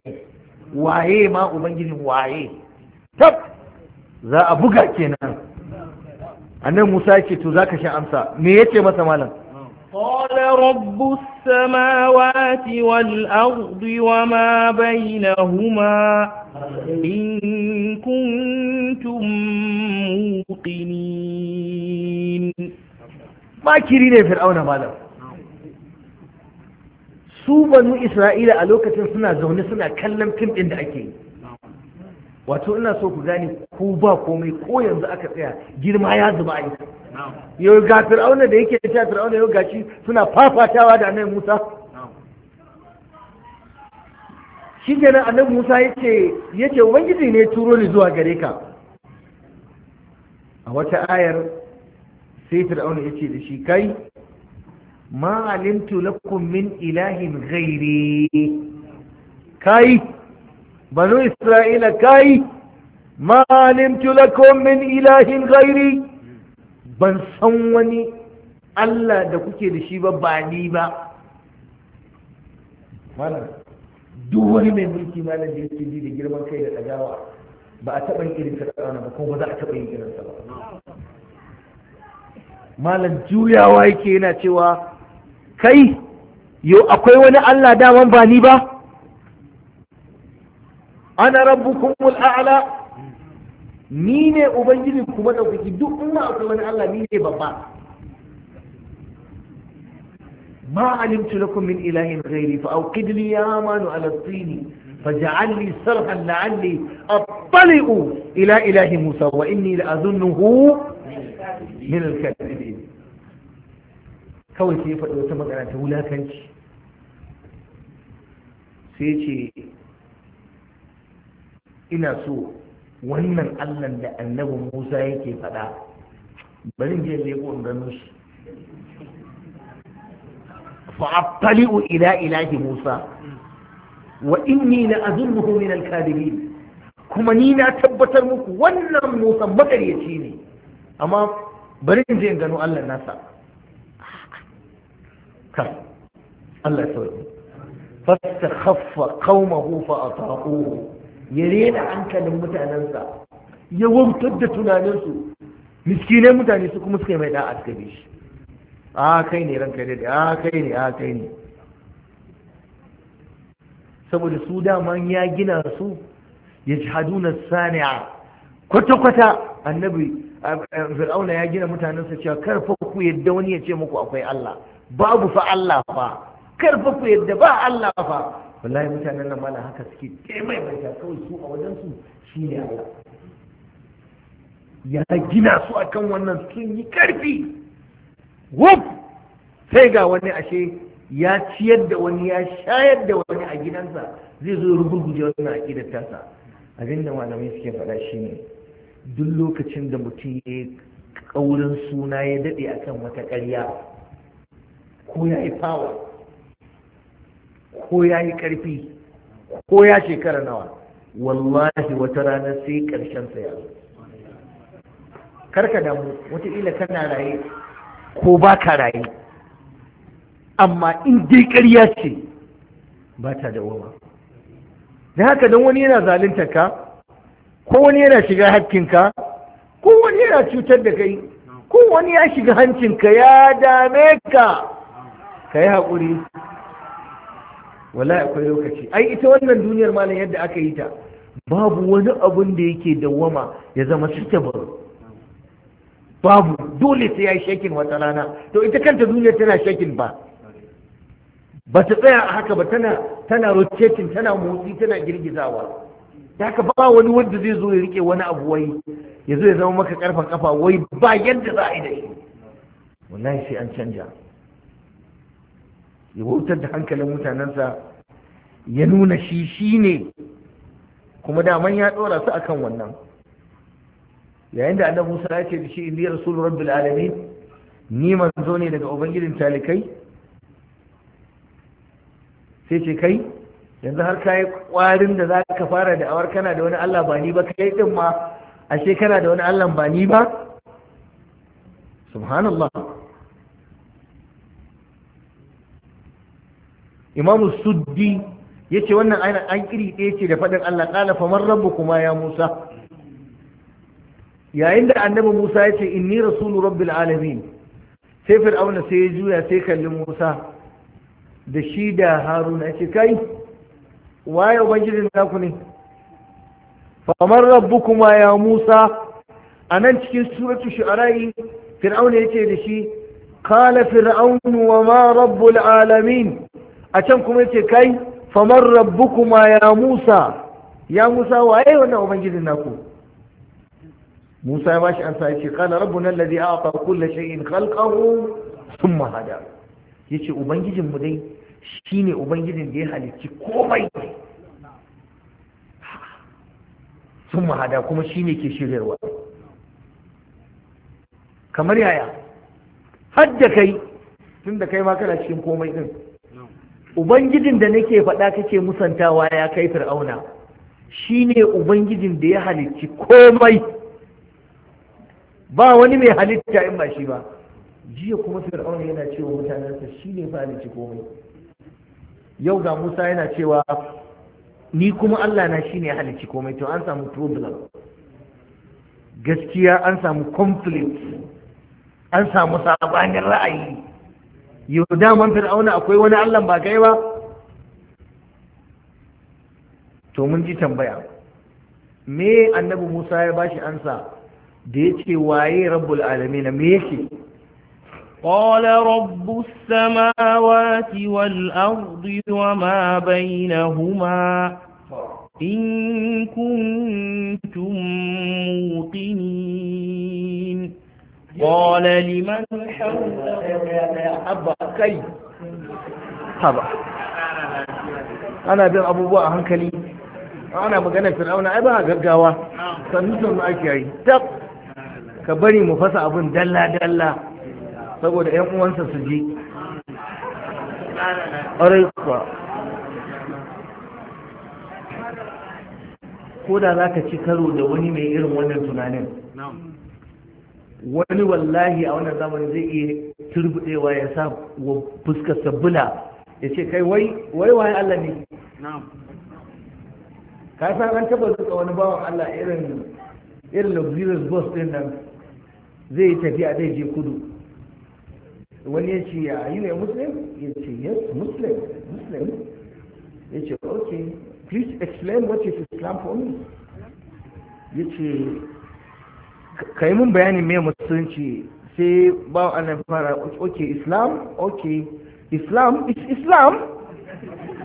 waye ma ubangijin waye tab za a buga kenan annabi Musa yake to zaka sha amsa me yace masa malam رب السماوات baina وما بينهما إن كنتم موقنين ما كيرين فرعون ماذا su banu isra'ila a lokacin suna zaune suna kallon fim ɗin da ake yi wato ina so ku gane ko ba komai ko yanzu aka tsaya girma ya zuba a yau ga fir'auna da yake cewa fir'auna yau gashi suna fafatawa da annabi Musa shi kenan annabi Musa yace yake ubangiji ne turo ni zuwa gare ka a wata ayar sai fir'auna yace da shi kai ma alimtu lakum min ilahin ghairi kai banu isra'ila kai ma alimtu lakum min ilahin ghairi ban san wani Allah da kuke da shi ba ba ni ba malam duk wani mai mulki malam da yake da girman kai da tsagawa ba a taɓa yin irin tsagawa ba kuma ba za a taɓa yin irin sa ba malam juyawa yake yana cewa kai yau akwai wani Allah daman ba ni ba ana rabbukumul a'la ni ne ubangiji kuma ɗaukaki duk ina akwai wani Allah ni ne babba ma alimtu lakum min ilahin ghairi fa awqid li ya amanu ala tini faj'al li sarhan la'alli attali'u ila ilahi musa wa inni la'azunnuhu min al-kadhibin kawai sai faɗi wata magana ta wulakanci sai ce ina so wannan allan da annabi musa yake faɗa bari je lebo in gano shi fa'attali'u ila ilahi musa wa inni la azunnuhu min al-kadibin kuma ni na tabbatar muku wannan musa makaryaci ne amma bari in je in gano allah nasa kan allah sauki fastakhaffa qaumahu fa ata'uhu ya rena hankalin mutanensa ya wautar da tunaninsu miskinai mutane su kuma suka yi mai da'a suka gabe shi a kai ne ranka da a kai ne a kai ne saboda su dama ya gina su ya ci haduna sani'a kwata-kwata annabi fir'auna ya gina mutanensa cewa karfa ku yadda wani ya ce muku akwai Allah babu fa Allah fa karfa ku yadda ba Allah fa wallahi mutanen nan mala haka suke kai mai kawai su a wajen su shine Allah ya gina su akan wannan sun yi karfi wuf sai ga wani ashe ya ciyar da wani ya shayar da wani a gidansa zai zo rubuguje wannan aƙidar tasa abin da malamai suke faɗa shine duk lokacin da mutum ya yi ƙaurin suna ya daɗe akan wata ƙarya ko ya yi fawa ko ya yi ƙarfi ko ya shekara nawa wallahi wata rana sai ƙarshen sa ya zo karka damu wataƙila kana raye ko ba ka raye amma in dai ƙarya ce ba ta da dawoma da haka don wani yana zalinta ka ko wani yana shiga haƙƙinka, ko wani yana cutar da kai ko wani ya shiga hancinka ya dame ka ka yi haƙuri wala akwai lokaci ai ita wannan duniyar malam yadda aka yi ta babu wani abun da yake wama ya zama sustainable babu dole sai ya yi wata rana to ita kanta duniyar tana shakin ba ba ta tsaya a haka ba tana tana rotating tana motsi tana girgizawa ta haka ba wani wanda zai zo ya rike wani abu wai ya zo ya zama maka karfan kafa wai ba yadda za a yi da shi wallahi sai an canja ya wutar da hankalin mutanensa ya nuna shi shi ne kuma daman ya ɗora su akan wannan yayin da annabi Musa ya ce da shi inni rasul rabbil alamin ni manzo ne daga ubangijin talikai sai ce kai yanzu har kai kwarin da zaka fara da awar kana da wani Allah ba ni ba kai din ma ashe kana da wani Allah ba ni ba subhanallah imamu suddi ya ce wannan an kiri ɗaya ce da faɗin Allah ƙala famar rabu kuma ya Musa yayin da annabi Musa ya ce inni rasulu rabbil alamin sai fir'auna sai ya juya sai kalli Musa da shi da Haruna ya ce kai waye ubangijin naku ne famar rabu kuma ya Musa a nan cikin suratu shu'ara'i fir'auna ya ce da shi قال wa ma rabbul alamin a can kuma yace kai famar rabbukuma ya Musa ya Musa waye wannan ubangijin naku Musa ya bashi ansa yace qala rabbuna alladhi a'ta kulla shay'in khalqahu thumma hada yace ubangijin mu dai shine ubangijin da ya halicci komai thumma hada kuma shine ke shiryarwa kamar yaya hadda kai tunda kai ma kana cikin komai din ubangijin da nake faɗa kake musantawa ya kai fir'auna shine ubangijin da ya halicci komai ba wani mai halitta in ba shi ba jiya kuma fir'auna yana cewa mutanensa shine fa halicci komai yau ga musa yana cewa ni kuma allah na shine ya halicci komai to an samu problem gaskiya an samu conflict an samu sabanin ra'ayi yau daman fir'auna akwai wani allan ba kai ba to mun ji tambaya me annabi musa ya bashi ansa da ya ce waye rabbul alamin me yake قال رب السماوات والأرض وما بينهما إن كنتم موقنين qala liman haba kai haba ana bin abubuwa a hankali ana magana fir'auna ai ba gaggawa sannu sannu ake yi tab ka bari mu fasa abin dalla dalla saboda yan uwansa su ji arika ko da za ka ci karo da wani mai irin wannan tunanin wani wallahi a wannan zamanin zai iya turbudewa ya sa wa fuskar sabula ya ce kai wai wai Allah ne ka san an taba zuka wani bawan Allah irin irin luxurious bus din nan zai yi tafiya zai je kudu wani ya ce ya yi ne muslim ya ce yes muslim muslim ya ce okay please explain what is islam for me ya ce ka yi mun bayani me musulunci sai ba ana fara ok islam ok islam is islam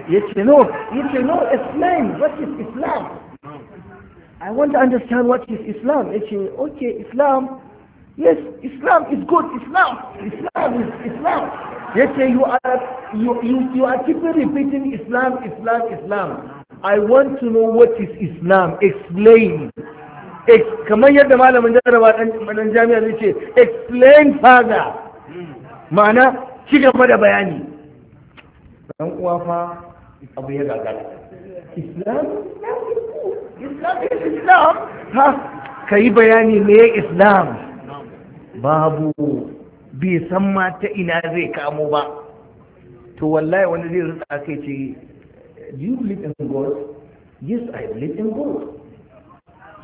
ya ce no ya ce no islam what is islam i want to understand what is islam ya ce ok islam yes islam is good islam islam is islam ya ce you are you, you, you are keeping repeating islam islam islam i want to know what is islam explain kamar yadda malamin jarraba dan jami'a zai ce explain further ma'ana ci gaba da bayani dan uwa fa abu ya gagara islam islam islam ha yi bayani me islam babu bai san ma ta ina zai kamo ba to wallahi wani zai rusa ake ce do you believe in god yes i believe in god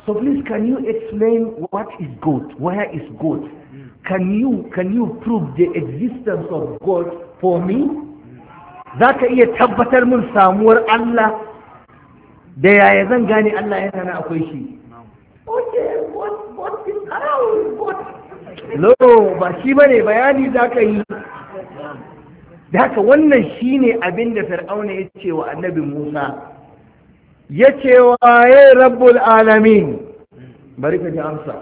So please, can you explain what is God? Where is God? Can you, can you prove the existence of God for me? Za ka iya tabbatar mun samuwar Allah da yaya zan gane Allah yana na akwai shi. Okay, what, what is around God? No, ba shi ba ne bayani za ka yi. Da haka wannan shi ne abin da Fir'auna ya ce wa annabi Musa. ya ce waye rabbul alamin bari ka ji amsa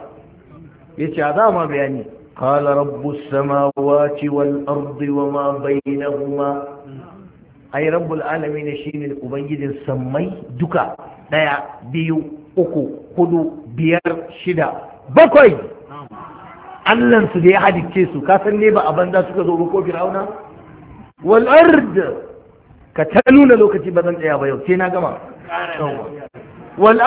ya ce a za ma bayani kala rabbus samawati wal ardi wa ma bainahuma ai rabbul alamin shine ubangijin sammai duka daya biyu uku hudu biyar shida bakwai Allah su da ya halicce su kasan ne ba a banza suka zo ko fir'auna wal ard ka ta nuna lokaci ba zan tsaya ba yau sai na gama wal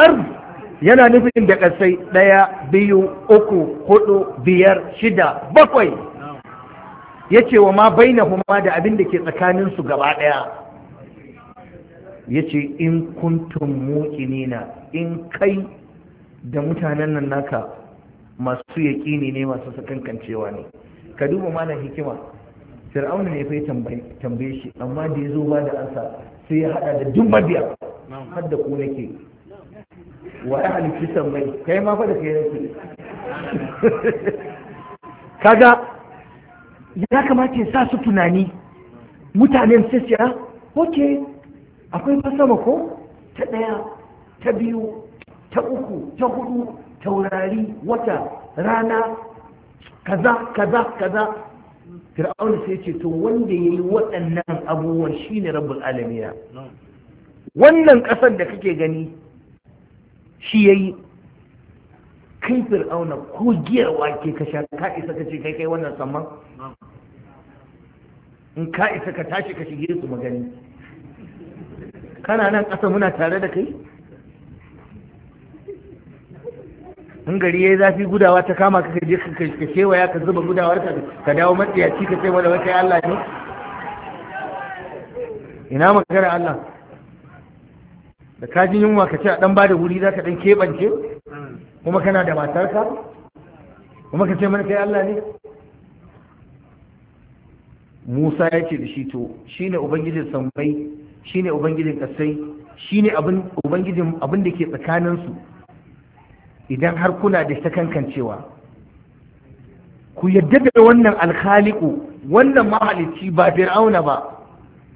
yana nufin da kasai ɗaya biyu uku hudu biyar shida bakwai ya ce wa ma baina huma da abin da ke tsakaninsu gaba ɗaya ya ce in kuntum muƙinina in kai da mutanen nan naka masu yaƙini ne masu sakankancewa ne ka duba malam hikima fir'auna ne fa tambaye shi amma da ya zo ba da ansa sai ya hada da duk mabiya har da ku nake wa ya halitta mai kai ma fa da kai nake kaga ya kamata ya sa su tunani mutanen sai su ah, ok akwai fasama ko ta ɗaya ta biyu ta uku ta hudu taurari wata rana kaza kaza kaza fir'aun sai ce to wanda yayi waɗannan abubuwan shine rabbul alamiya wannan ƙasar da kake gani shi yayi kai fir'auna ko giyar wake ka sha ka isa ka ce kai kai wannan samman in ka isa ka tashi ka shige su magani kana nan ƙasa muna tare da kai in gari ya yi zafi gudawa ta kama ka je ka kewaya ka zuba gudawar ka ka dawo matsiyaci ka ce wanda wata Allah ne ina magana Allah da ka ji yunwa ka ce a dan ba da wuri za ka dan keɓance kuma kana da matarka kuma ka ce mana kai Allah ne Musa ya ce da shi to shi ne ubangijin Sambai, shi ne ubangijin kasai shi ne ubangijin abin da ke tsakaninsu idan har kuna da kankancewa ku yadda da wannan alkhaliku wannan mahalicci ba fir'auna ba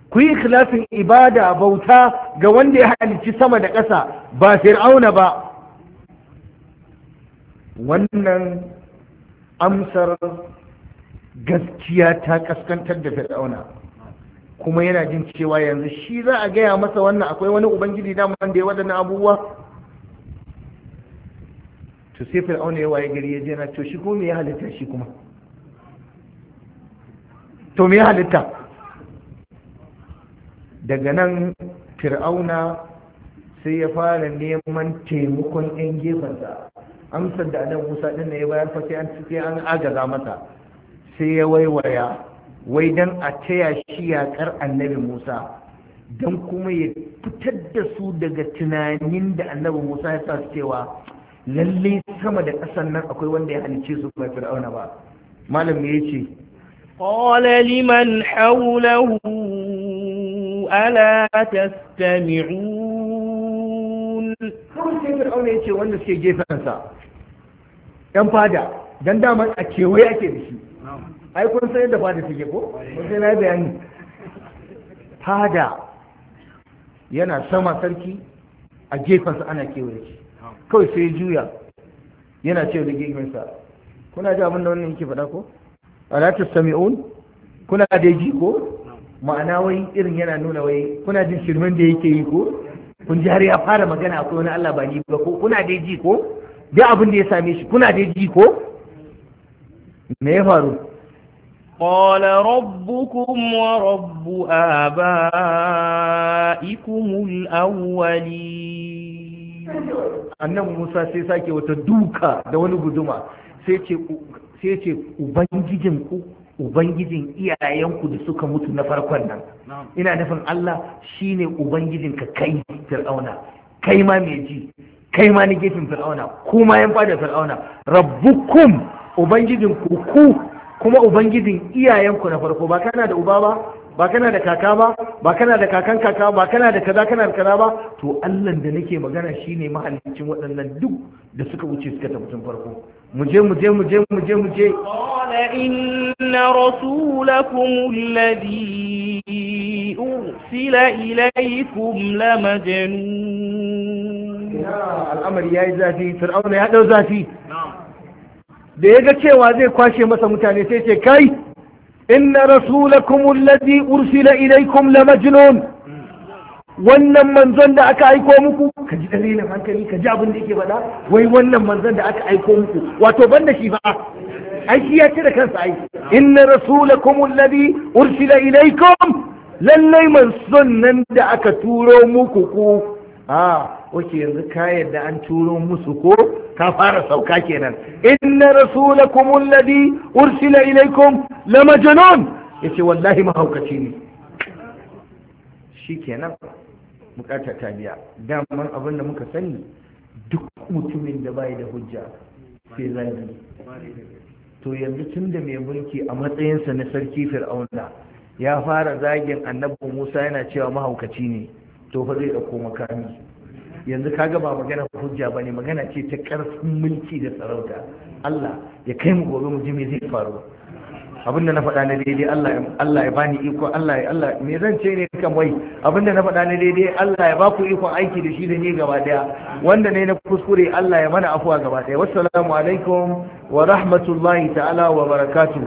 ku yi ikhlasin ibada bauta ga wanda ya halicci sama da ƙasa ba fir'auna ba wannan amsar gaskiya ta kaskantar da fir'auna kuma yana jin cewa yanzu shi za a gaya masa wannan akwai wani ubangiji da wanda ya waɗannan abubuwa to sai fir'auna ya waye gari ya je na to shi ko me ya halitta shi kuma to me ya halitta daga nan fir'auna sai ya fara neman taimakon 'yan gefensa amsar da annabi musa ɗin ya bayar fa sai an sai an agaza masa sai ya waiwaya wai dan a taya shi yaƙar annabi musa don kuma ya fitar da su daga tunanin da annabi musa ya sa su cewa lalle sama da ƙasan nan akwai wanda ya halice su ba fir'auna ba malam ya ce qala liman hawlahu ala tastami'un kawai sai fir'auna ya ce wanda suke gefensa ɗan fada dan dama a kewaye ake da shi ai kun san yadda fada take ko kun sai na bayani fada yana sama sarki a gefensa ana kewaye shi kawai sai juya yana ce da giginsa kuna ji abin da wannan yake faɗa ko ala sami'un kuna da ji ko ma'ana wai irin yana nuna wai kuna jin shirmen da yake yi ko kun ji har ya fara magana akwai wani Allah ba ni ba ko kuna da ji ko duk abin da ya same shi kuna da ji ko me ya faru قال ربكم ورب آبائكم الأولين annan musa sai sake wata duka da wani guduma sai ce ubangijinku ubangijin iyayenku da suka mutu na farkon nan ina nufin allah shine ka kai fir'auna kai ma mai ji kai ma ni gefin fir'auna kuma yan fada fir'auna rabbukum ubangijin ku kuma ubangijin iyayenku na farko ba kana da uba ba ba kana da kaka ba ba kana da kakan kaka ba kana da kaza kana da kaza ba to Allah da nake magana shine mahallicin waɗannan duk da suka wuce suka tafi tun farko mu je mu je mu je mu je mu je qala inna rasulakum alladhi ursila ilaykum lamajnun al'amar yayi zafi fir'auna ya dau zafi da ya ga cewa zai kwashe masa mutane sai ce kai inna rasulakum alladhi ursila ilaykum la wannan manzon da aka aiko muku ka ji dalilin hankali ka ji abin da yake faɗa wai wannan manzon da aka aiko muku wato da shi ba ai shi ya ce da kansa ai inna rasulakum alladhi ursila ilaykum lallai manzon nan da aka turo muku ku a wace yanzu ka yadda an turo musu ko ka fara sauka kenan inna rasulakum alladhi ursila ilaykum la majnun yace wallahi mahaukaci ne shikenan bukatar ta biya daman abin da muka sani duk mutumin da bai da hujja sai zai to yanzu tun da mai mulki a matsayinsa na sarki fir'auna ya fara zagin annabi musa yana cewa mahaukaci ne to fa zai ɗauko makami yanzu kaga ba magana hujja ba ne magana ce ta ƙarfin mulki da sarauta Allah ya kai mu gobe mu ji me zai faru abin da na faɗa na daidai Allah ya bani iko Allah ya Allah me zan ce ne kan wai abin da na faɗa na daidai Allah ya baku iko aiki da shi da ni gaba daya wanda ne na kuskure Allah ya mana afuwa gaba daya wassalamu alaikum wa rahmatullahi ta'ala wa barakatuh